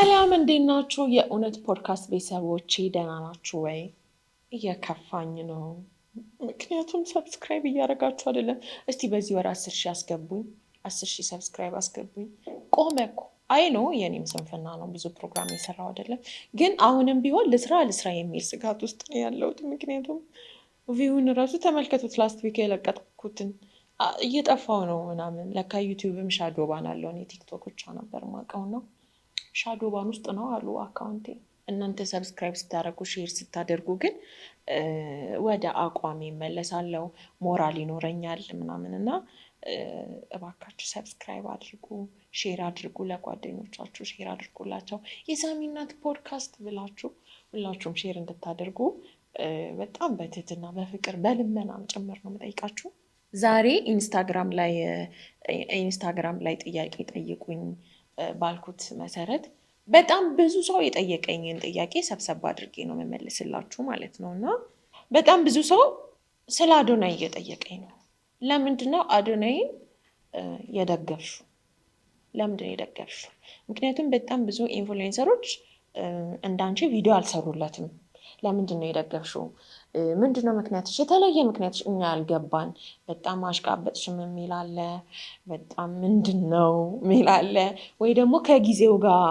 ሰላም እንዴት ናችሁ? የእውነት ፖድካስት ቤተሰቦቼ ደህና ናችሁ ወይ? እየከፋኝ ነው፣ ምክንያቱም ሰብስክራይብ እያደረጋችሁ አይደለም። እስቲ በዚህ ወር አስር ሺህ አስገቡኝ፣ አስር ሺህ ሰብስክራይብ አስገቡኝ። ቆመ እኮ አይ ነው የኔም ስንፍና ነው። ብዙ ፕሮግራም የሰራው አይደለም፣ ግን አሁንም ቢሆን ልስራ ልስራ የሚል ስጋት ውስጥ ነው ያለሁት። ምክንያቱም ቪውን ራሱ ተመልከቱት፣ ላስት ዊክ የለቀጥኩትን እየጠፋው ነው ምናምን። ለካ ዩቲዩብም ሻዶ ባን አለው። እኔ ቲክቶክ ብቻ ነበር ማውቀው ነው ሻዶ ባን ውስጥ ነው አሉ አካውንቴ። እናንተ ሰብስክራይብ ስታደርጉ ሼር ስታደርጉ ግን ወደ አቋም ይመለሳለው ሞራል ይኖረኛል ምናምን እና እባካችሁ ሰብስክራይብ አድርጉ፣ ሼር አድርጉ፣ ለጓደኞቻችሁ ሼር አድርጉላቸው። የሳሚናት ፖድካስት ብላችሁ ሁላችሁም ሼር እንድታደርጉ በጣም በትህትና በፍቅር በልመናም ጭምር ነው የምጠይቃችሁ። ዛሬ ኢንስታግራም ላይ ኢንስታግራም ላይ ጥያቄ ጠይቁኝ ባልኩት መሰረት በጣም ብዙ ሰው የጠየቀኝን ጥያቄ ሰብሰብ አድርጌ ነው የምመልስላችሁ ማለት ነው። እና በጣም ብዙ ሰው ስለ አዶናይ እየጠየቀኝ ነው። ለምንድን ነው አዶናይን የደገፍሹ? ለምንድን ነው የደገፍሹ? ምክንያቱም በጣም ብዙ ኢንፍሉዌንሰሮች እንዳንቺ ቪዲዮ አልሰሩለትም። ለምንድን ነው የደገፍሹ? ምንድነው ምክንያትሽ? የተለየ ምክንያትሽ እኛ ያልገባን በጣም አሽቃበጥሽም የሚል አለ። በጣም ምንድን ነው የሚል አለ። ወይ ደግሞ ከጊዜው ጋር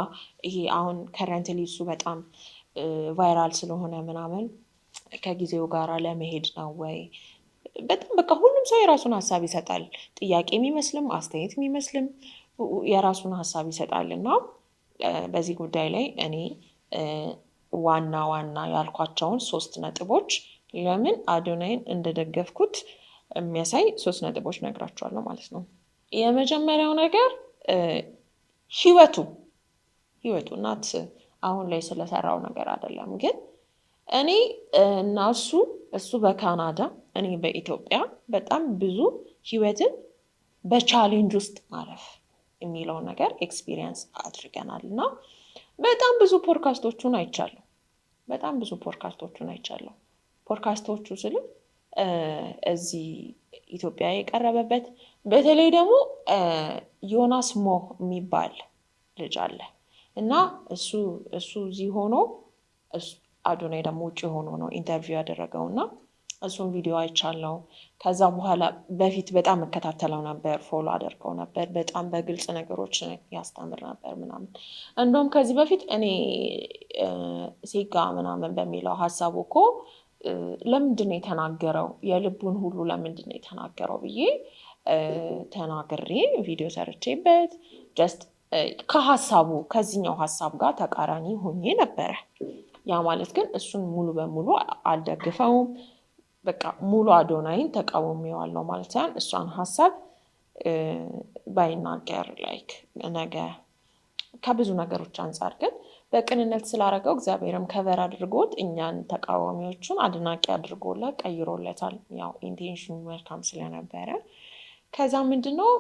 ይሄ አሁን ከረንት ሊሱ በጣም ቫይራል ስለሆነ ምናምን ከጊዜው ጋር ለመሄድ ነው ወይ በጣም በቃ ሁሉም ሰው የራሱን ሀሳብ ይሰጣል። ጥያቄ የሚመስልም አስተያየት የሚመስልም የራሱን ሀሳብ ይሰጣል እና በዚህ ጉዳይ ላይ እኔ ዋና ዋና ያልኳቸውን ሶስት ነጥቦች ለምን አዶናይን እንደደገፍኩት የሚያሳይ ሶስት ነጥቦች ነግራቸዋለሁ ማለት ነው። የመጀመሪያው ነገር ህይወቱ ህይወቱ ናት አሁን ላይ ስለሰራው ነገር አይደለም። ግን እኔ እና እሱ እሱ በካናዳ እኔ በኢትዮጵያ በጣም ብዙ ህይወትን በቻሌንጅ ውስጥ ማረፍ የሚለውን ነገር ኤክስፒሪየንስ አድርገናል እና በጣም ብዙ ፖድካስቶቹን አይቻለሁ። በጣም ብዙ ፖድካስቶቹን አይቻለሁ። ፖድካስቶቹ ስልም እዚህ ኢትዮጵያ የቀረበበት በተለይ ደግሞ ዮናስ ሞ የሚባል ልጅ አለ እና እሱ እሱ እዚህ ሆኖ አዶናይ ደግሞ ውጭ ሆኖ ነው ኢንተርቪው ያደረገው እና እሱን ቪዲዮ አይቻለው። ከዛ በኋላ በፊት በጣም እከታተለው ነበር፣ ፎሎ አደርገው ነበር። በጣም በግልጽ ነገሮች ያስተምር ነበር ምናምን። እንደውም ከዚህ በፊት እኔ ሴጋ ምናምን በሚለው ሀሳቡ እኮ ለምንድን ነው የተናገረው የልቡን ሁሉ ለምንድን ነው የተናገረው ብዬ ተናግሬ ቪዲዮ ሰርቼበት ጀስት ከሀሳቡ ከዚኛው ሀሳብ ጋር ተቃራኒ ሆኜ ነበረ። ያ ማለት ግን እሱን ሙሉ በሙሉ አልደግፈውም። በቃ ሙሉ አዶናይን ተቃውሜዋለሁ ማለት ሳይሆን እሷን ሀሳብ ባይናገር ላይክ ነገ ከብዙ ነገሮች አንጻር ግን በቅንነት ስላደረገው እግዚአብሔርም ከቨር አድርጎት እኛን ተቃዋሚዎቹን አድናቂ አድርጎላ ቀይሮለታል። ያው ኢንቴንሽኑ መልካም ስለነበረ ከዛ ምንድነው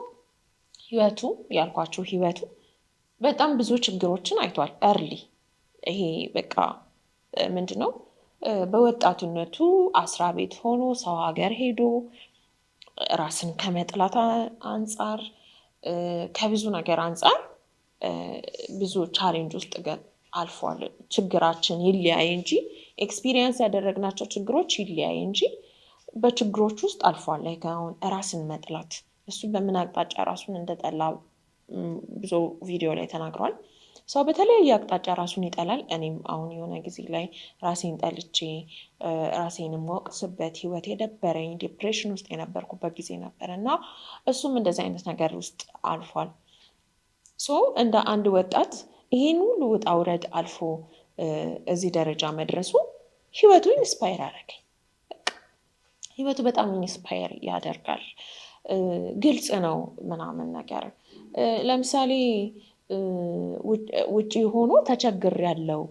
ህይወቱ ያልኳቸው ህይወቱ በጣም ብዙ ችግሮችን አይቷል። እርሊ ይሄ በቃ ምንድነው በወጣትነቱ አስራ ቤት ሆኖ ሰው ሀገር ሄዶ ራስን ከመጥላት አንጻር ከብዙ ነገር አንጻር ብዙ ቻሌንጅ ውስጥ አልፏል። ችግራችን ይለያይ እንጂ ኤክስፒሪየንስ ያደረግናቸው ችግሮች ይለያይ እንጂ በችግሮች ውስጥ አልፏል። አሁን ራስን መጥላት እሱ በምን አቅጣጫ ራሱን እንደጠላ ብዙ ቪዲዮ ላይ ተናግሯል። ሰው በተለያየ አቅጣጫ ራሱን ይጠላል። እኔም አሁን የሆነ ጊዜ ላይ ራሴን ጠልቼ ራሴንም ወቅስበት ህይወት የደበረኝ ዲፕሬሽን ውስጥ የነበርኩበት ጊዜ ነበር እና እሱም እንደዚህ አይነት ነገር ውስጥ አልፏል። ሶ እንደ አንድ ወጣት ይሄን ሁሉ ውጣ ውረድ አልፎ እዚህ ደረጃ መድረሱ ህይወቱ ኢንስፓየር አደረገኝ። ህይወቱ በጣም ኢንስፓየር ያደርጋል፣ ግልጽ ነው ምናምን ነገር ለምሳሌ ውጪ ሆኖ ተቸግር ያለው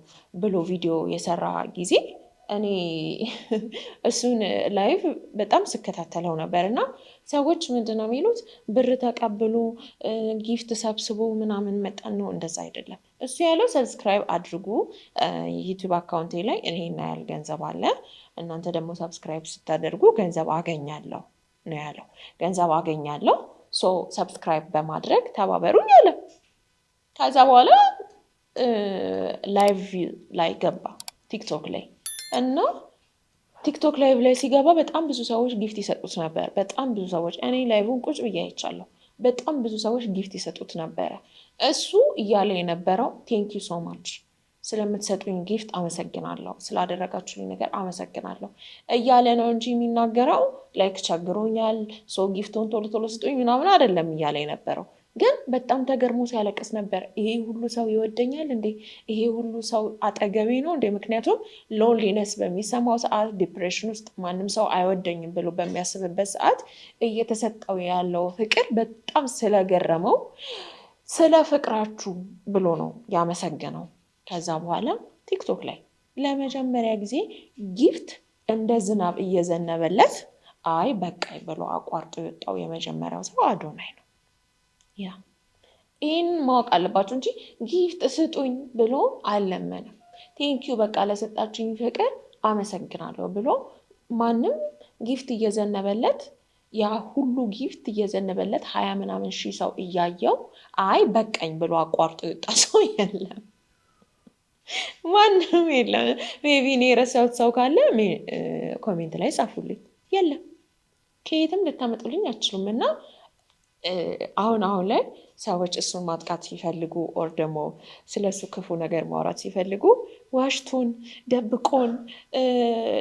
ብሎ ቪዲዮ የሰራ ጊዜ እኔ እሱን ላይቭ በጣም ስከታተለው ነበር እና ሰዎች ምንድነው የሚሉት ብር ተቀብሎ ጊፍት ሰብስቦ ምናምን መጠን ነው። እንደዛ አይደለም እሱ ያለው ሰብስክራይብ አድርጉ ዩቱብ አካውንቴ ላይ እኔና ያህል ገንዘብ አለ፣ እናንተ ደግሞ ሰብስክራይብ ስታደርጉ ገንዘብ አገኛለሁ ነው ያለው። ገንዘብ አገኛለሁ ሶ ሰብስክራይብ በማድረግ ተባበሩኝ አለ። ከዛ በኋላ ላይቭ ላይ ገባ ቲክቶክ ላይ እና ቲክቶክ ላይቭ ላይ ሲገባ በጣም ብዙ ሰዎች ጊፍት ይሰጡት ነበር። በጣም ብዙ ሰዎች እኔ ላይቭን ቁጭ ብዬ አይቻለሁ። በጣም ብዙ ሰዎች ጊፍት ይሰጡት ነበረ። እሱ እያለ የነበረው ቴንክ ዩ ሶ ማች ስለምትሰጡኝ ጊፍት አመሰግናለሁ፣ ስላደረጋችሁኝ ነገር አመሰግናለሁ እያለ ነው እንጂ የሚናገረው ላይክ ቸግሮኛል፣ ሰው ጊፍቶን ቶሎ ቶሎ ስጡኝ ምናምን አይደለም እያለ የነበረው ግን በጣም ተገርሞ ሲያለቅስ ነበር። ይሄ ሁሉ ሰው ይወደኛል እንዴ? ይሄ ሁሉ ሰው አጠገቤ ነው እንዴ? ምክንያቱም ሎንሊነስ በሚሰማው ሰዓት፣ ዲፕሬሽን ውስጥ ማንም ሰው አይወደኝም ብሎ በሚያስብበት ሰዓት እየተሰጠው ያለው ፍቅር በጣም ስለገረመው ስለ ፍቅራችሁ ብሎ ነው ያመሰገነው። ከዛ በኋላ ቲክቶክ ላይ ለመጀመሪያ ጊዜ ጊፍት እንደ ዝናብ እየዘነበለት አይ በቃይ ብሎ አቋርጦ የወጣው የመጀመሪያው ሰው አዶናይ ነው። ያ ይህን ማወቅ አለባቸው እንጂ ጊፍት ስጡኝ ብሎ አልለመንም። ቴንኪዩ በቃ ለሰጣችኝ ፍቅር አመሰግናለሁ ብሎ ማንም ጊፍት እየዘነበለት ያ ሁሉ ጊፍት እየዘነበለት ሀያ ምናምን ሺህ ሰው እያየው አይ በቀኝ ብሎ አቋርጦ የወጣ ሰው የለም፣ ማንም የለም። ሜቢ እኔ የረሳሁት ሰው ካለ ኮሜንት ላይ ጻፉልኝ። የለም ከየትም ልታመጡልኝ አችሉም እና አሁን አሁን ላይ ሰዎች እሱን ማጥቃት ሲፈልጉ ኦር ደግሞ ስለ እሱ ክፉ ነገር ማውራት ሲፈልጉ ዋሽቶን ደብቆን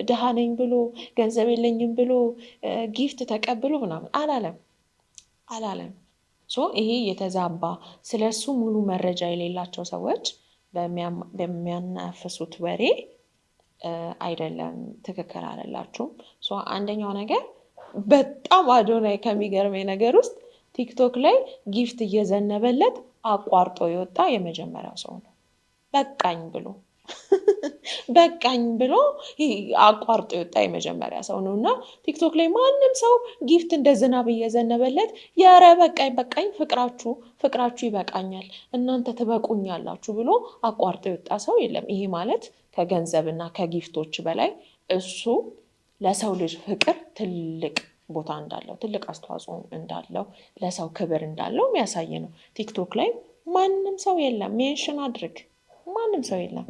ድሃ ነኝ ብሎ ገንዘብ የለኝም ብሎ ጊፍት ተቀብሎ ምናምን አላለም አላለም። ሶ ይሄ የተዛባ ስለ እሱ ሙሉ መረጃ የሌላቸው ሰዎች በሚያናፍሱት ወሬ አይደለም፣ ትክክል አለላችሁም። አንደኛው ነገር በጣም አዶናይ ከሚገርመኝ ነገር ውስጥ ቲክቶክ ላይ ጊፍት እየዘነበለት አቋርጦ የወጣ የመጀመሪያው ሰው ነው። በቃኝ ብሎ በቃኝ ብሎ አቋርጦ የወጣ የመጀመሪያ ሰው ነው እና ቲክቶክ ላይ ማንም ሰው ጊፍት እንደ ዝናብ እየዘነበለት የረ በቃኝ በቃኝ ፍቅራችሁ ፍቅራችሁ ይበቃኛል እናንተ ትበቁኛላችሁ ብሎ አቋርጦ የወጣ ሰው የለም። ይሄ ማለት ከገንዘብና ከጊፍቶች በላይ እሱ ለሰው ልጅ ፍቅር ትልቅ ቦታ እንዳለው ትልቅ አስተዋጽኦ እንዳለው ለሰው ክብር እንዳለው የሚያሳይ ነው። ቲክቶክ ላይ ማንም ሰው የለም፣ ሜንሽን አድርግ ማንም ሰው የለም።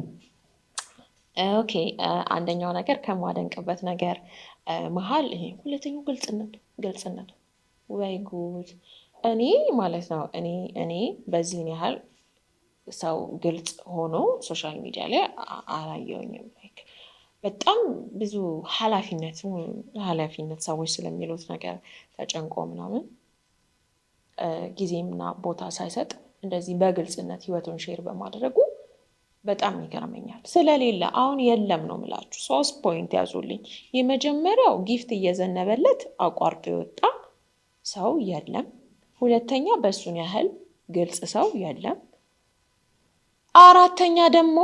ኦኬ አንደኛው ነገር ከማደንቅበት ነገር መሀል ይሄ ሁለተኛው ግልጽነቱ ግልጽነቱ ወይ ጉድ! እኔ ማለት ነው እኔ እኔ በዚህን ያህል ሰው ግልጽ ሆኖ ሶሻል ሚዲያ ላይ አላየውኝም። በጣም ብዙ ኃላፊነት ኃላፊነት ሰዎች ስለሚሉት ነገር ተጨንቆ ምናምን ጊዜና ቦታ ሳይሰጥ እንደዚህ በግልጽነት ህይወቱን ሼር በማድረጉ በጣም ይገርመኛል። ስለሌለ አሁን የለም ነው ምላችሁ። ሶስት ፖይንት ያዙልኝ። የመጀመሪያው ጊፍት እየዘነበለት አቋርጦ የወጣ ሰው የለም። ሁለተኛ በእሱን ያህል ግልጽ ሰው የለም። አራተኛ ደግሞ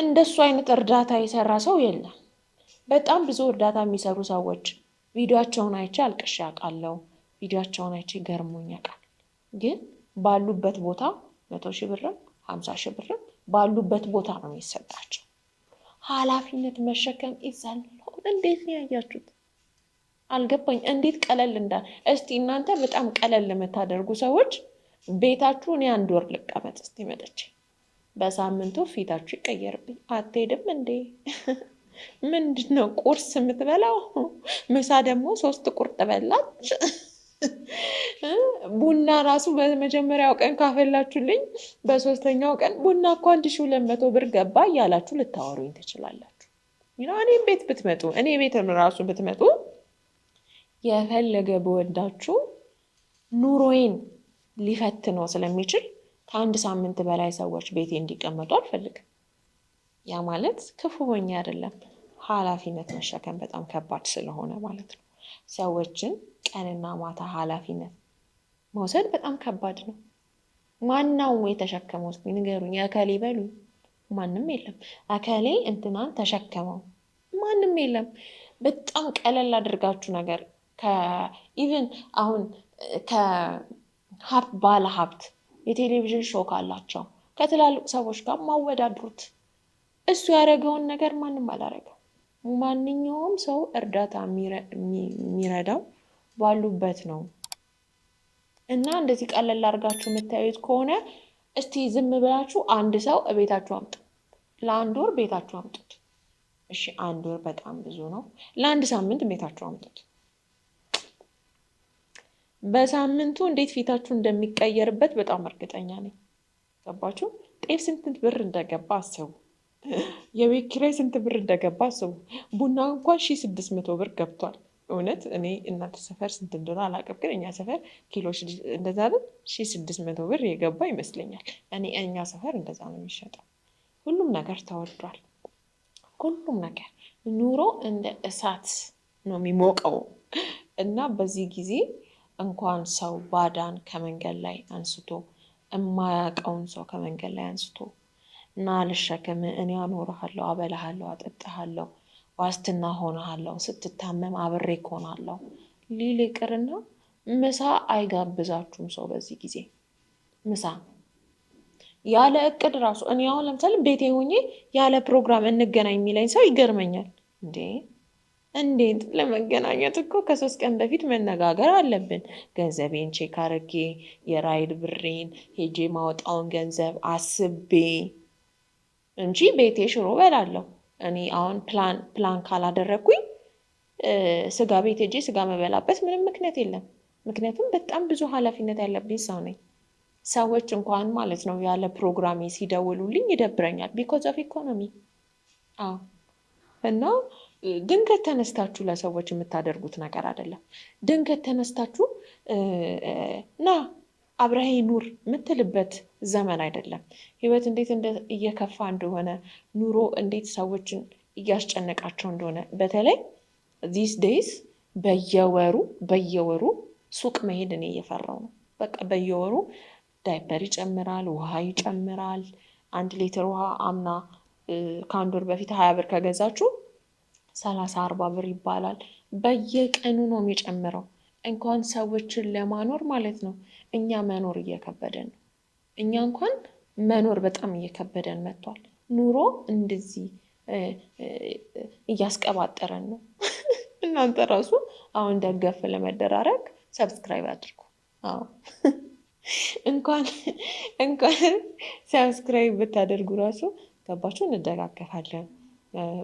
እንደሱ አይነት እርዳታ የሰራ ሰው የለም። በጣም ብዙ እርዳታ የሚሰሩ ሰዎች ቪዲዮቸውን አይቼ አልቅሼ አውቃለሁ። ቪዲዮቸውን አይቼ ገርሞኝ አውቃለሁ። ግን ባሉበት ቦታ መቶ ሺህ ብርም ሀምሳ ሺህ ብርም ባሉበት ቦታ ነው የሚሰጣቸው። ኃላፊነት መሸከም ይዛል። እንዴት ነው ያያችሁት? አልገባኝ። እንዴት ቀለል እንዳል እስቲ እናንተ በጣም ቀለል ለምታደርጉ ሰዎች ቤታችሁ እኔ አንድ ወር ልቀመጥ እስቲ መጠቼ በሳምንቱ ፊታችሁ ይቀየርብኝ። አትሄድም እንዴ? ምንድን ነው ቁርስ የምትበላው? ምሳ ደግሞ ሶስት ቁርጥ በላች። ቡና ራሱ በመጀመሪያው ቀን ካፈላችሁልኝ በሶስተኛው ቀን ቡና እኮ አንድ ሺ ሁለት መቶ ብር ገባ እያላችሁ ልታወሩኝ ትችላላችሁ። እኔም ቤት ብትመጡ እኔ ቤትም ራሱ ብትመጡ የፈለገ በወዳችሁ ኑሮዬን ሊፈትነው ስለሚችል ከአንድ ሳምንት በላይ ሰዎች ቤቴ እንዲቀመጡ አልፈልግም። ያ ማለት ክፉ ሆኜ አይደለም፣ ኃላፊነት መሸከም በጣም ከባድ ስለሆነ ማለት ነው። ሰዎችን ቀንና ማታ ኃላፊነት መውሰድ በጣም ከባድ ነው። ማናው የተሸከመው እስኪ ንገሩኝ። እከሌ በሉ ማንም የለም። እከሌ እንትናን ተሸከመው ማንም የለም። በጣም ቀለል አድርጋችሁ ነገር ከኢቨን አሁን ባለ ሀብት የቴሌቪዥን ሾው ካላቸው ከትላልቅ ሰዎች ጋር ማወዳድሩት። እሱ ያደረገውን ነገር ማንም አላደረገው። ማንኛውም ሰው እርዳታ የሚረዳው ባሉበት ነው እና እንደዚህ ቀለል አድርጋችሁ የምታዩት ከሆነ እስቲ ዝም ብላችሁ አንድ ሰው ቤታችሁ አምጡ፣ ለአንድ ወር ቤታችሁ አምጡት። እሺ አንድ ወር በጣም ብዙ ነው። ለአንድ ሳምንት ቤታችሁ አምጡት። በሳምንቱ እንዴት ፊታችሁ እንደሚቀየርበት በጣም እርግጠኛ ነኝ። ገባችሁ? ጤፍ ስንት ብር እንደገባ አስቡ። የቤት ኪራይ ስንት ብር እንደገባ አስቡ። ቡና እንኳን ሺ ስድስት መቶ ብር ገብቷል። እውነት እኔ እናንተ ሰፈር ስንት እንደሆነ አላውቅም፣ ግን እኛ ሰፈር ኪሎ እንደዛ አይደል ሺ ስድስት መቶ ብር የገባ ይመስለኛል። እኔ እኛ ሰፈር እንደዛ ነው የሚሸጠው። ሁሉም ነገር ተወዷል። ሁሉም ነገር ኑሮ እንደ እሳት ነው የሚሞቀው እና በዚህ ጊዜ እንኳን ሰው ባዳን ከመንገድ ላይ አንስቶ እማያውቀውን ሰው ከመንገድ ላይ አንስቶ እና ልሸከም እኔ አኖርሃለሁ፣ አበላሃለሁ፣ አጠጣሃለሁ፣ ዋስትና ሆነሃለሁ፣ ስትታመም አብሬ እሆናለሁ ሊል ይቅርና ምሳ አይጋብዛችሁም ሰው በዚህ ጊዜ ምሳ ያለ እቅድ ራሱ እኔ አሁን ለምሳሌ ቤቴ ሆኜ ያለ ፕሮግራም እንገናኝ የሚለኝ ሰው ይገርመኛል እንዴ እንዴት ለመገናኘት እኮ ከሶስት ቀን በፊት መነጋገር አለብን። ገንዘቤን ቼክ አርጌ የራይድ ብሬን ሄጄ ማወጣውን ገንዘብ አስቤ እንጂ ቤቴ ሽሮ በላለሁ። እኔ አሁን ፕላን ካላደረግኩኝ ስጋ ቤት ሄጄ ስጋ መበላበት ምንም ምክንያት የለም። ምክንያቱም በጣም ብዙ ኃላፊነት ያለብኝ ሰው ነኝ። ሰዎች እንኳን ማለት ነው ያለ ፕሮግራሜ ሲደውሉልኝ ይደብረኛል። ቢኮዝ ኦፍ ኢኮኖሚ እና ድንገት ተነስታችሁ ለሰዎች የምታደርጉት ነገር አይደለም። ድንገት ተነስታችሁ ና አብረሃ ኑር የምትልበት ዘመን አይደለም። ህይወት እንዴት እየከፋ እንደሆነ፣ ኑሮ እንዴት ሰዎችን እያስጨነቃቸው እንደሆነ በተለይ ዚስ ዴይስ በየወሩ በየወሩ ሱቅ መሄድ እኔ እየፈራው ነው። በቃ በየወሩ ዳይፐር ይጨምራል፣ ውሃ ይጨምራል። አንድ ሊትር ውሃ አምና ከአንድ ወር በፊት ሀያ ብር ከገዛችሁ ሰላሳ አርባ ብር ይባላል። በየቀኑ ነው የሚጨምረው። እንኳን ሰዎችን ለማኖር ማለት ነው እኛ መኖር እየከበደን ነው። እኛ እንኳን መኖር በጣም እየከበደን መጥቷል። ኑሮ እንደዚህ እያስቀባጠረን ነው። እናንተ ራሱ አሁን ደገፍ ለመደራረግ ሰብስክራይብ አድርጉ። አዎ እንኳን እንኳን ሰብስክራይብ ብታደርጉ ራሱ ገባችሁ እንደጋገፋለን።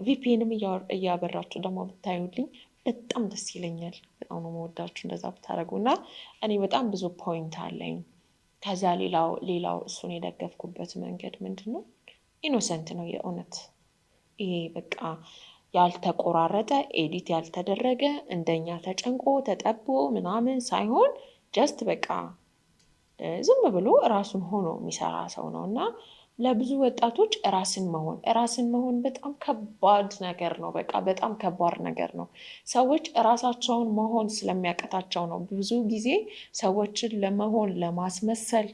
ቪፒንም እያበራችሁ ደግሞ ብታዩልኝ በጣም ደስ ይለኛል። በጣም ነው መወዳችሁ እንደዛ ብታደረጉ እና እኔ በጣም ብዙ ፖይንት አለኝ። ከዛ ሌላው ሌላው እሱን የደገፍኩበት መንገድ ምንድን ነው? ኢኖሰንት ነው የእውነት ይሄ በቃ ያልተቆራረጠ ኤዲት ያልተደረገ እንደኛ ተጨንቆ ተጠቦ ምናምን ሳይሆን ጀስት በቃ ዝም ብሎ ራሱን ሆኖ የሚሰራ ሰው ነው እና ለብዙ ወጣቶች ራስን መሆን ራስን መሆን በጣም ከባድ ነገር ነው። በቃ በጣም ከባድ ነገር ነው። ሰዎች ራሳቸውን መሆን ስለሚያቀታቸው ነው። ብዙ ጊዜ ሰዎችን ለመሆን ለማስመሰል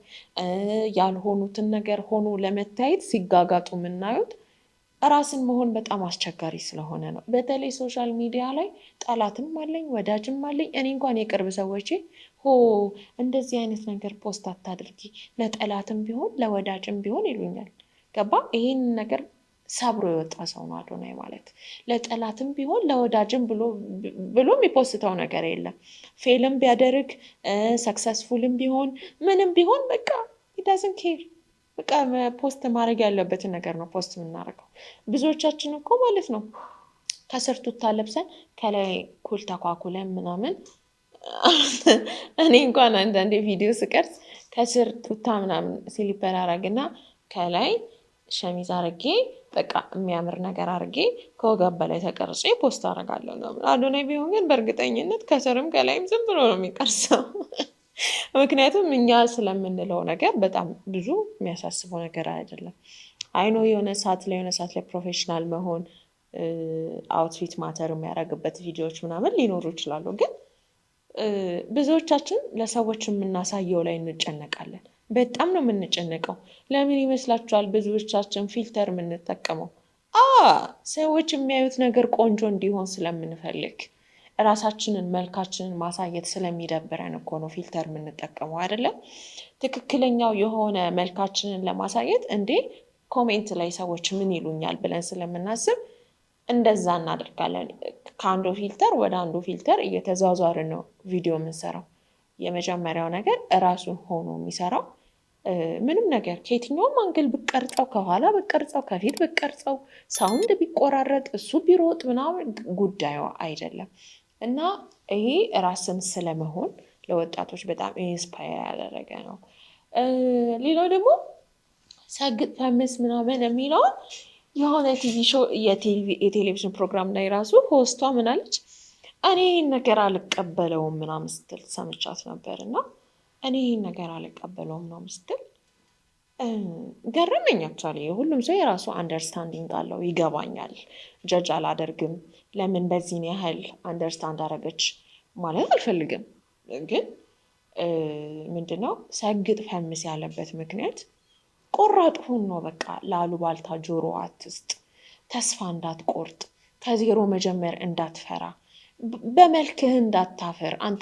ያልሆኑትን ነገር ሆኖ ለመታየት ሲጋጋጡ የምናዩት ራስን መሆን በጣም አስቸጋሪ ስለሆነ ነው። በተለይ ሶሻል ሚዲያ ላይ ጠላትም አለኝ ወዳጅም አለኝ። እኔ እንኳን የቅርብ ሰዎች ሆ እንደዚህ አይነት ነገር ፖስት አታድርጊ፣ ለጠላትም ቢሆን ለወዳጅም ቢሆን ይሉኛል። ገባ ይሄን ነገር ሰብሮ የወጣ ሰው ነው አዶናይ ማለት። ለጠላትም ቢሆን ለወዳጅም ብሎ የሚፖስተው ነገር የለም። ፌልም ቢያደርግ ሰክሰስፉልም ቢሆን ምንም ቢሆን በቃ ዳዝን ኬር በቃ ፖስት ማድረግ ያለበትን ነገር ነው ፖስት የምናደርገው። ብዙዎቻችን እኮ ማለት ነው ከስር ቱታ ለብሰን ከላይ ኩል ተኳኩለን ምናምን እኔ እንኳን አንዳንዴ ቪዲዮ ስቀርጽ ከስር ቱታ ምናምን ሲሊፐር አረግና ከላይ ሸሚዝ አርጌ በቃ የሚያምር ነገር አርጌ ከወገብ በላይ ተቀርጬ ፖስት አረጋለሁ። አዶናይ ቢሆን ግን በእርግጠኝነት ከስርም ከላይም ዝም ብሎ ነው የሚቀርሰው። ምክንያቱም እኛ ስለምንለው ነገር በጣም ብዙ የሚያሳስበው ነገር አይደለም። አይኖ የሆነ ሰዓት ላይ የሆነ ሰዓት ላይ ፕሮፌሽናል መሆን አውትፊት ማተር የሚያደርግበት ቪዲዮዎች ምናምን ሊኖሩ ይችላሉ። ግን ብዙዎቻችን ለሰዎች የምናሳየው ላይ እንጨነቃለን። በጣም ነው የምንጨነቀው። ለምን ይመስላችኋል? ብዙዎቻችን ፊልተር የምንጠቀመው ሰዎች የሚያዩት ነገር ቆንጆ እንዲሆን ስለምንፈልግ እራሳችንን መልካችንን ማሳየት ስለሚደብረን እኮ ነው ፊልተር የምንጠቀመው አይደለም። ትክክለኛው የሆነ መልካችንን ለማሳየት እንዴ ኮሜንት ላይ ሰዎች ምን ይሉኛል ብለን ስለምናስብ እንደዛ እናደርጋለን። ከአንዱ ፊልተር ወደ አንዱ ፊልተር እየተዟዟርን ነው ቪዲዮ የምንሰራው። የመጀመሪያው ነገር እራሱን ሆኖ የሚሰራው ምንም ነገር ከየትኛውም አንግል ብቀርጸው፣ ከኋላ ብቀርጸው፣ ከፊት ብቀርጸው፣ ሳውንድ ቢቆራረጥ፣ እሱ ቢሮጥ ምናምን ጉዳዩ አይደለም። እና ይሄ ራስን ስለመሆን ለወጣቶች በጣም ኢንስፓየር ያደረገ ነው። ሌላው ደግሞ ሰግጥ ፈምስ ምናምን የሚለውን የሆነ ቲቪ ሾው የቴሌቪዥን ፕሮግራም ላይ ራሱ ሆስቷ ምናለች እኔ ይህን ነገር አልቀበለውም ምናምን ስትል ሰምቻት ነበር። እና እኔ ይህን ነገር አልቀበለውም ምናምን ስትል ሁሉም ሰው የራሱ አንደርስታንዲንግ አለው፣ ይገባኛል፣ ጀጅ አላደርግም ለምን በዚህን ያህል አንደርስታንድ አደረገች ማለት አልፈልግም፣ ግን ምንድነው ሰግጥ ፈምስ ያለበት ምክንያት ቆራጥ ሁን ነው። በቃ ለአሉባልታ ጆሮ አትስጥ፣ ተስፋ እንዳትቆርጥ፣ ከዜሮ መጀመር እንዳትፈራ፣ በመልክህ እንዳታፍር፣ አንተ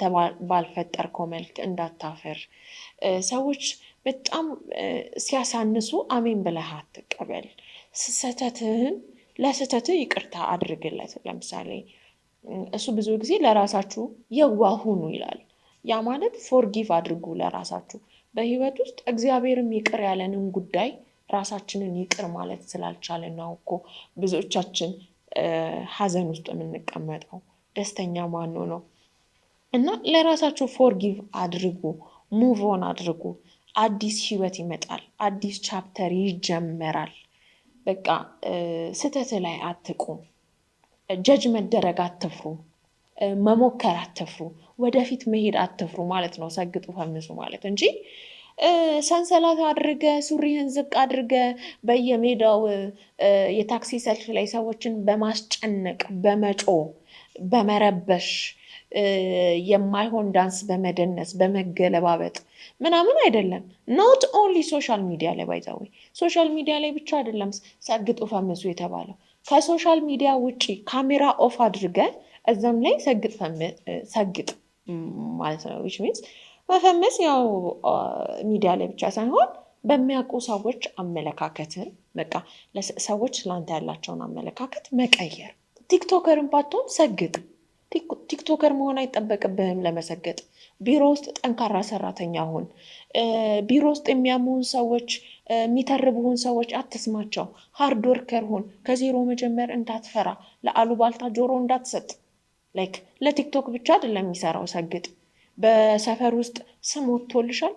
ባልፈጠርከው መልክ እንዳታፍር። ሰዎች በጣም ሲያሳንሱ አሜን ብለህ አትቀበል። ስህተትህን ለስህተት ይቅርታ አድርግለት። ለምሳሌ እሱ ብዙ ጊዜ ለራሳችሁ የዋሁኑ ሁኑ ይላል። ያ ማለት ፎርጊቭ አድርጉ ለራሳችሁ። በህይወት ውስጥ እግዚአብሔርም ይቅር ያለንን ጉዳይ ራሳችንን ይቅር ማለት ስላልቻልን ነው እኮ ብዙዎቻችን ሀዘን ውስጥ የምንቀመጠው። ደስተኛ ማኖ ነው? እና ለራሳችሁ ፎርጊቭ አድርጉ፣ ሙቭን አድርጉ። አዲስ ህይወት ይመጣል። አዲስ ቻፕተር ይጀመራል። በቃ ስህተት ላይ አትቁም። ጀጅ መደረግ አትፍሩ። መሞከር አትፍሩ። ወደፊት መሄድ አትፍሩ ማለት ነው። ሰግጡ ፈምሱ ማለት እንጂ ሰንሰላት አድርገ ሱሪህን ዝቅ አድርገ በየሜዳው የታክሲ ሰልፍ ላይ ሰዎችን በማስጨነቅ በመጮ በመረበሽ የማይሆን ዳንስ በመደነስ በመገለባበጥ ምናምን አይደለም። ኖት ኦንሊ ሶሻል ሚዲያ ላይ ባይዛወ ሶሻል ሚዲያ ላይ ብቻ አይደለም ሰግጡ ፈምሱ የተባለው ከሶሻል ሚዲያ ውጪ ካሜራ ኦፍ አድርገ እዛም ላይ ሰግጥ ሰግጥ ማለት ነው። ዊች ሚንስ መፈመስ ያው ሚዲያ ላይ ብቻ ሳይሆን በሚያውቁ ሰዎች አመለካከትን በቃ ሰዎች ስላንተ ያላቸውን አመለካከት መቀየር። ቲክቶከርን ባትሆን ሰግጥ ቲክቶከር መሆን አይጠበቅብህም ለመሰገጥ። ቢሮ ውስጥ ጠንካራ ሰራተኛ ሁን። ቢሮ ውስጥ የሚያሙህን ሰዎች፣ የሚተርቡህን ሰዎች አትስማቸው። ሃርድ ወርከር ሁን። ከዜሮ መጀመር እንዳትፈራ። ለአሉባልታ ጆሮ እንዳትሰጥ። ላይክ ለቲክቶክ ብቻ አይደለም የሚሰራው ሰግጥ። በሰፈር ውስጥ ስም ወጥቶልሻል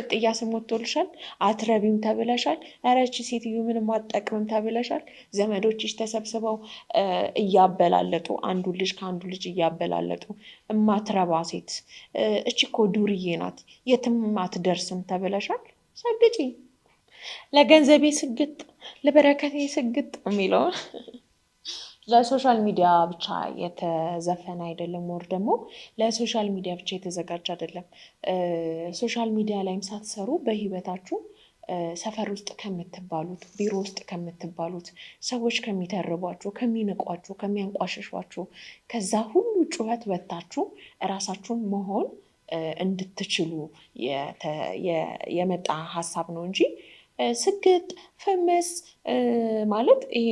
ቅጥያ ስም ወጥቶልሻል፣ አትረቢም ተብለሻል፣ ኧረ ይህች ሴትዮ ምንም አትጠቅምም ተብለሻል። ዘመዶችሽ ተሰብስበው እያበላለጡ አንዱ ልጅ ከአንዱ ልጅ እያበላለጡ እማትረባ ሴት እች እኮ ዱርዬ ናት፣ የትም አትደርስም ተብለሻል። ሰግጪ ለገንዘቤ ስግጥ፣ ለበረከቴ ስግጥ የሚለውን ለሶሻል ሚዲያ ብቻ የተዘፈነ አይደለም፣ ወር ደግሞ ለሶሻል ሚዲያ ብቻ የተዘጋጀ አይደለም። ሶሻል ሚዲያ ላይም ሳትሰሩ በህይወታችሁ ሰፈር ውስጥ ከምትባሉት፣ ቢሮ ውስጥ ከምትባሉት፣ ሰዎች ከሚተርቧችሁ፣ ከሚንቋችሁ፣ ከሚያንቋሸሿችሁ ከዛ ሁሉ ጩኸት ወጥታችሁ እራሳችሁን መሆን እንድትችሉ የመጣ ሀሳብ ነው እንጂ ስግጥ ፍምስ ማለት ይሄ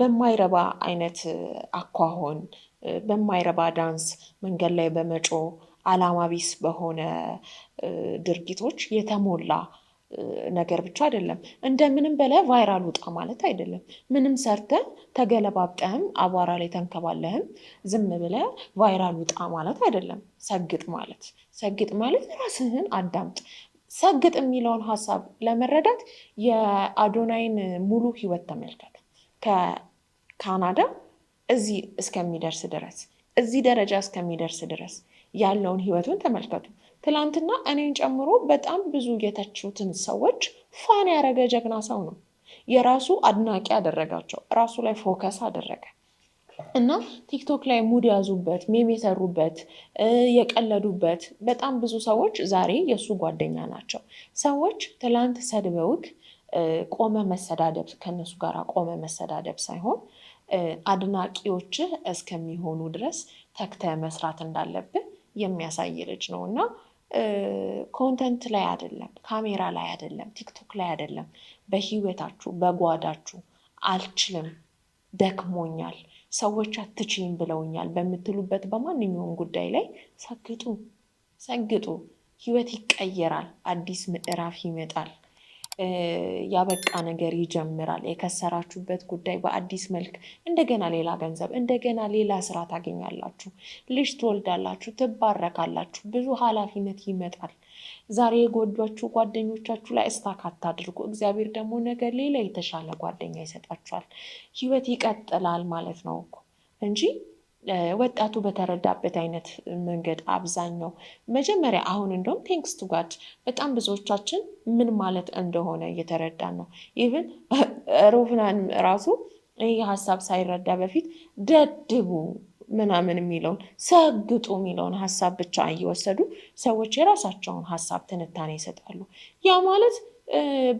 በማይረባ አይነት አኳሆን በማይረባ ዳንስ መንገድ ላይ በመጮ አላማ ቢስ በሆነ ድርጊቶች የተሞላ ነገር ብቻ አይደለም። እንደምንም በላይ ቫይራል ውጣ ማለት አይደለም። ምንም ሰርተ ተገለባብጠህም አቧራ ላይ ተንከባለህም ዝም ብለህ ቫይራል ውጣ ማለት አይደለም። ሰግጥ ማለት ሰግጥ ማለት ራስህን አዳምጥ። ሰግጥ የሚለውን ሀሳብ ለመረዳት የአዶናይን ሙሉ ህይወት ተመልከት። ከካናዳ እዚህ እስከሚደርስ ድረስ እዚህ ደረጃ እስከሚደርስ ድረስ ያለውን ህይወቱን ተመልከቱ። ትላንትና እኔን ጨምሮ በጣም ብዙ የተቹትን ሰዎች ፋን ያደረገ ጀግና ሰው ነው። የራሱ አድናቂ አደረጋቸው ራሱ ላይ ፎከስ አደረገ እና ቲክቶክ ላይ ሙድ ያዙበት፣ ሜም የሰሩበት፣ የቀለዱበት በጣም ብዙ ሰዎች ዛሬ የእሱ ጓደኛ ናቸው። ሰዎች ትላንት ሰድበውክ ቆመ መሰዳደብ ከነሱ ጋር ቆመ መሰዳደብ ሳይሆን አድናቂዎችህ እስከሚሆኑ ድረስ ተክተ መስራት እንዳለብን የሚያሳይ ልጅ ነው እና ኮንተንት ላይ አይደለም፣ ካሜራ ላይ አይደለም፣ ቲክቶክ ላይ አይደለም፣ በህይወታችሁ በጓዳችሁ አልችልም፣ ደክሞኛል፣ ሰዎች አትችይም ብለውኛል በምትሉበት በማንኛውም ጉዳይ ላይ ሰግጡ፣ ሰግጡ። ህይወት ይቀየራል። አዲስ ምዕራፍ ይመጣል። ያበቃ ነገር ይጀምራል። የከሰራችሁበት ጉዳይ በአዲስ መልክ እንደገና ሌላ ገንዘብ እንደገና ሌላ ስራ ታገኛላችሁ። ልጅ ትወልዳላችሁ፣ ትባረካላችሁ። ብዙ ኃላፊነት ይመጣል። ዛሬ የጎዷችሁ ጓደኞቻችሁ ላይ እስታካት አታድርጉ። እግዚአብሔር ደግሞ ነገ ሌላ የተሻለ ጓደኛ ይሰጣችኋል። ህይወት ይቀጥላል ማለት ነው እኮ እንጂ ወጣቱ በተረዳበት አይነት መንገድ አብዛኛው መጀመሪያ አሁን እንደውም ቴንክስ ቱ ጋድ በጣም ብዙዎቻችን ምን ማለት እንደሆነ እየተረዳን ነው። ኢቭን ሮፍናን ራሱ ይህ ሀሳብ ሳይረዳ በፊት ደድቡ ምናምን የሚለውን ሰግጡ የሚለውን ሀሳብ ብቻ እየወሰዱ ሰዎች የራሳቸውን ሀሳብ ትንታኔ ይሰጣሉ። ያ ማለት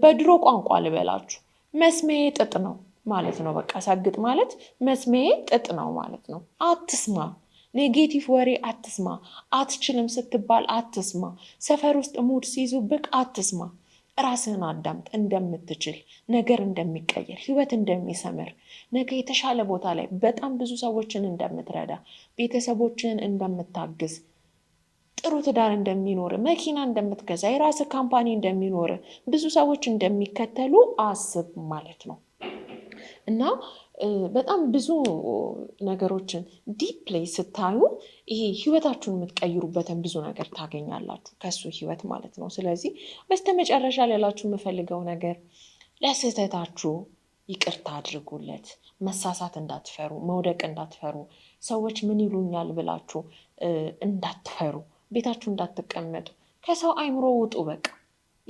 በድሮ ቋንቋ ልበላችሁ መስሜ ጥጥ ነው ማለት ነው። በቃ ሳግጥ ማለት መስሜ ጥጥ ነው ማለት ነው። አትስማ ኔጌቲቭ ወሬ አትስማ። አትችልም ስትባል አትስማ። ሰፈር ውስጥ ሙድ ሲይዙብክ አትስማ። ራስህን አዳምጥ። እንደምትችል ነገር እንደሚቀየር፣ ህይወት እንደሚሰምር፣ ነገ የተሻለ ቦታ ላይ በጣም ብዙ ሰዎችን እንደምትረዳ፣ ቤተሰቦችን እንደምታግዝ፣ ጥሩ ትዳር እንደሚኖር፣ መኪና እንደምትገዛ፣ የራስህ ካምፓኒ እንደሚኖር፣ ብዙ ሰዎች እንደሚከተሉ አስብ ማለት ነው። እና በጣም ብዙ ነገሮችን ዲፕሌይ ስታዩ ይሄ ህይወታችሁን የምትቀይሩበትን ብዙ ነገር ታገኛላችሁ ከሱ ህይወት ማለት ነው። ስለዚህ በስተመጨረሻ ሌላችሁ የምፈልገው ነገር ለስህተታችሁ ይቅርታ አድርጉለት። መሳሳት እንዳትፈሩ፣ መውደቅ እንዳትፈሩ፣ ሰዎች ምን ይሉኛል ብላችሁ እንዳትፈሩ፣ ቤታችሁ እንዳትቀመጡ፣ ከሰው አይምሮ ውጡ። በቃ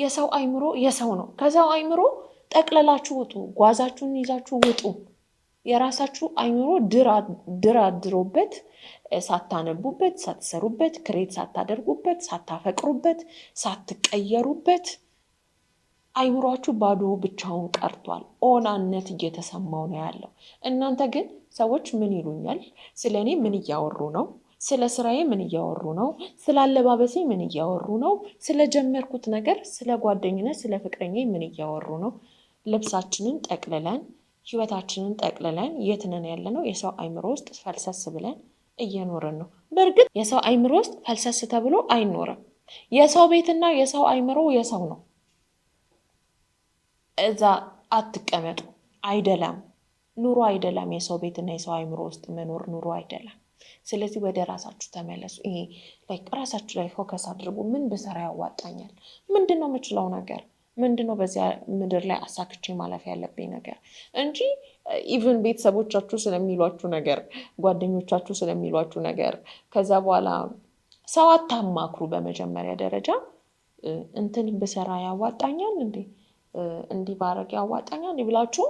የሰው አይምሮ የሰው ነው። ከሰው አይምሮ ጠቅልላችሁ ውጡ፣ ጓዛችሁን ይዛችሁ ውጡ። የራሳችሁ አይምሮ ድር አድሮበት ሳታነቡበት፣ ሳትሰሩበት፣ ክሬት ሳታደርጉበት፣ ሳታፈቅሩበት፣ ሳትቀየሩበት አይምሯችሁ ባዶ ብቻውን ቀርቷል። ኦናነት እየተሰማው ነው ያለው። እናንተ ግን ሰዎች ምን ይሉኛል፣ ስለ እኔ ምን እያወሩ ነው፣ ስለ ስራዬ ምን እያወሩ ነው፣ ስለ አለባበሴ ምን እያወሩ ነው፣ ስለጀመርኩት ነገር፣ ስለ ጓደኝነት፣ ስለ ፍቅረኛ ምን እያወሩ ነው ልብሳችንን ጠቅልለን ህይወታችንን ጠቅልለን የትንን ያለ ያለነው? የሰው አይምሮ ውስጥ ፈልሰስ ብለን እየኖርን ነው። በእርግጥ የሰው አይምሮ ውስጥ ፈልሰስ ተብሎ አይኖርም። የሰው ቤትና የሰው አይምሮ የሰው ነው። እዛ አትቀመጡ፣ አይደላም። ኑሮ አይደላም። የሰው ቤትና የሰው አይምሮ ውስጥ መኖር ኑሮ አይደላም። ስለዚህ ወደ ራሳችሁ ተመለሱ። ይሄ ራሳችሁ ላይ ፎከስ አድርጉ። ምን ብሰራ ያዋጣኛል? ምንድን ነው የምችለው ነገር ምንድን ነው በዚያ ምድር ላይ አሳክቼ ማለፍ ያለብኝ ነገር እንጂ ኢቨን ቤተሰቦቻችሁ ስለሚሏችሁ ነገር፣ ጓደኞቻችሁ ስለሚሏችሁ ነገር ከዛ በኋላ ሰው አታማክሩ። በመጀመሪያ ደረጃ እንትን ብሰራ ያዋጣኛል እንዴ እንዲህ ባረግ ያዋጣኛል ብላችሁ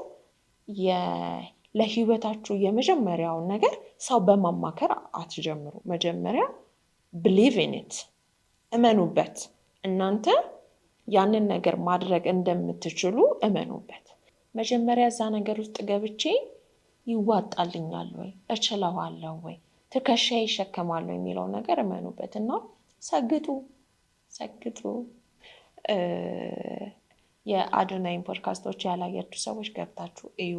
ለህይወታችሁ የመጀመሪያውን ነገር ሰው በማማከር አትጀምሩ። መጀመሪያ ብሊቭ ኢን ኢት እመኑበት እናንተ ያንን ነገር ማድረግ እንደምትችሉ እመኑበት። መጀመሪያ እዛ ነገር ውስጥ ገብቼ ይዋጣልኛል ወይ እችለዋለሁ ወይ ትከሻ ይሸከማሉ የሚለው ነገር እመኑበት እና ሰግጡ ሰግጡ። የአዶናይን ፖድካስቶች ያላያችሁ ሰዎች ገብታችሁ እዩ፣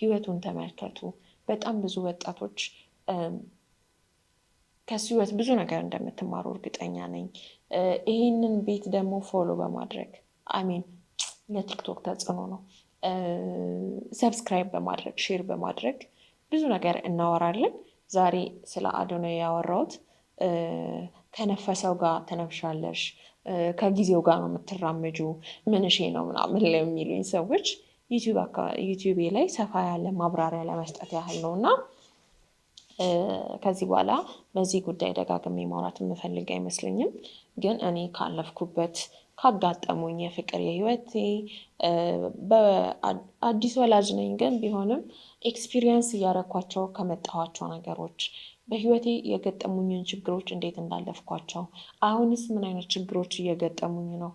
ህይወቱን ተመልከቱ። በጣም ብዙ ወጣቶች ከሱ ህይወት ብዙ ነገር እንደምትማሩ እርግጠኛ ነኝ። ይህንን ቤት ደግሞ ፎሎ በማድረግ አሚን የቲክቶክ ተጽዕኖ ነው። ሰብስክራይብ በማድረግ ሼር በማድረግ ብዙ ነገር እናወራለን። ዛሬ ስለ አዶነ ያወራሁት ከነፈሰው ጋር ትነፍሻለሽ፣ ከጊዜው ጋር ነው የምትራመጁ፣ ምንሽ ነው ምናምን የሚሉኝ ሰዎች ዩቲዩቤ ላይ ሰፋ ያለ ማብራሪያ ለመስጠት ያህል ነው እና ከዚህ በኋላ በዚህ ጉዳይ ደጋግሜ ማውራት የምፈልግ አይመስለኝም። ግን እኔ ካለፍኩበት ካጋጠሙኝ የፍቅር የህይወቴ አዲስ ወላጅ ነኝ፣ ግን ቢሆንም ኤክስፒሪየንስ እያረኳቸው ከመጣኋቸው ነገሮች በህይወቴ የገጠሙኝን ችግሮች እንዴት እንዳለፍኳቸው፣ አሁንስ ምን አይነት ችግሮች እየገጠሙኝ ነው፣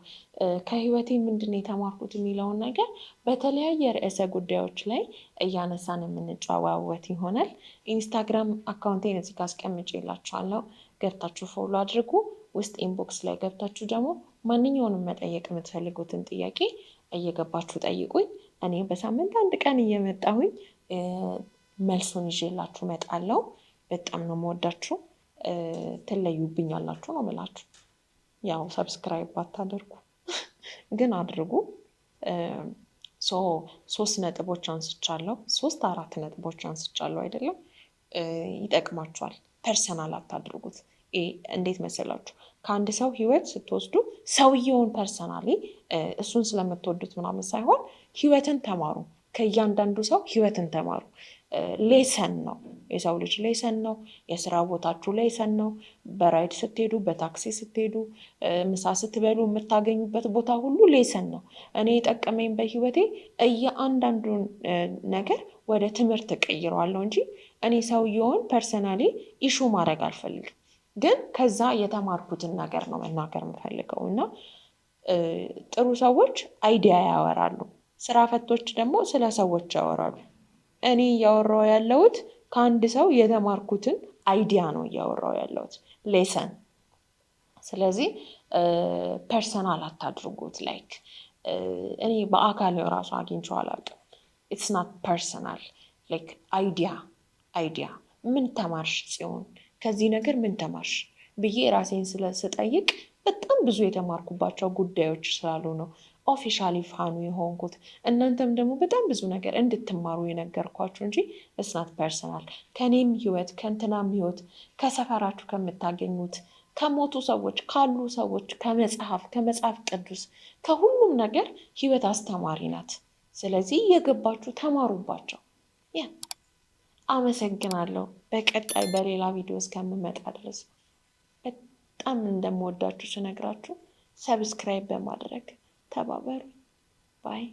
ከህይወቴ ምንድን የተማርኩት የሚለውን ነገር በተለያየ ርዕሰ ጉዳዮች ላይ እያነሳን የምንጨዋወት ይሆናል። ኢንስታግራም አካውንቴን እዚህ ጋር አስቀምጬላችኋለሁ። ገብታችሁ ፎሎ አድርጉ። ውስጥ ኢንቦክስ ላይ ገብታችሁ ደግሞ ማንኛውንም መጠየቅ የምትፈልጉትን ጥያቄ እየገባችሁ ጠይቁኝ። እኔ በሳምንት አንድ ቀን እየመጣሁኝ መልሱን ይዤላችሁ እመጣለሁ። በጣም ነው መወዳችሁ። ትለዩብኝ ያላችሁ ነው ምላችሁ። ያው ሰብስክራይብ ባታደርጉ ግን አድርጉ። ሶስት ነጥቦች አንስቻለሁ፣ ሶስት አራት ነጥቦች አንስቻለሁ አይደለም። ይጠቅማችኋል። ፐርሰናል አታድርጉት። እንዴት መሰላችሁ? ከአንድ ሰው ህይወት ስትወስዱ ሰውየውን ፐርሰናሊ እሱን ስለምትወዱት ምናምን ሳይሆን ህይወትን ተማሩ። ከእያንዳንዱ ሰው ህይወትን ተማሩ። ሌሰን ነው። የሰው ልጅ ሌሰን ነው። የስራ ቦታችሁ ሌሰን ነው። በራይድ ስትሄዱ፣ በታክሲ ስትሄዱ፣ ምሳ ስትበሉ የምታገኙበት ቦታ ሁሉ ሌሰን ነው። እኔ የጠቀመኝ በህይወቴ እያንዳንዱን ነገር ወደ ትምህርት ቀይረዋለሁ እንጂ እኔ ሰውየውን ፐርሰናሊ ኢሹ ማድረግ አልፈልግም፣ ግን ከዛ የተማርኩትን ነገር ነው መናገር የምፈልገው እና ጥሩ ሰዎች አይዲያ ያወራሉ፣ ስራ ፈቶች ደግሞ ስለ ሰዎች ያወራሉ። እኔ እያወራው ያለሁት ከአንድ ሰው የተማርኩትን አይዲያ ነው እያወራው ያለሁት ሌሰን። ስለዚህ ፐርሰናል አታድርጉት። ላይክ እኔ በአካል ራሱ አግኝቼው አላውቅም። ኢትስ ናት ፐርሰናል ላይክ አይዲያ አይዲያ ምን ተማርሽ ጽዮን፣ ከዚህ ነገር ምን ተማርሽ ብዬ ራሴን ስለስጠይቅ በጣም ብዙ የተማርኩባቸው ጉዳዮች ስላሉ ነው። ኦፊሻሊ ፋኑ የሆንኩት እናንተም ደግሞ በጣም ብዙ ነገር እንድትማሩ የነገርኳችሁ እንጂ እስናት ፐርሰናል ከኔም ህይወት ከእንትናም ህይወት ከሰፈራችሁ ከምታገኙት ከሞቱ ሰዎች ካሉ ሰዎች ከመጽሐፍ ከመጽሐፍ ቅዱስ ከሁሉም ነገር ህይወት አስተማሪ ናት። ስለዚህ የገባችሁ ተማሩባቸው። ያ አመሰግናለሁ። በቀጣይ በሌላ ቪዲዮ እስከምመጣ ድረስ በጣም እንደምወዳችሁ ስነግራችሁ ሰብስክራይብ በማድረግ ተባበሩ ባይ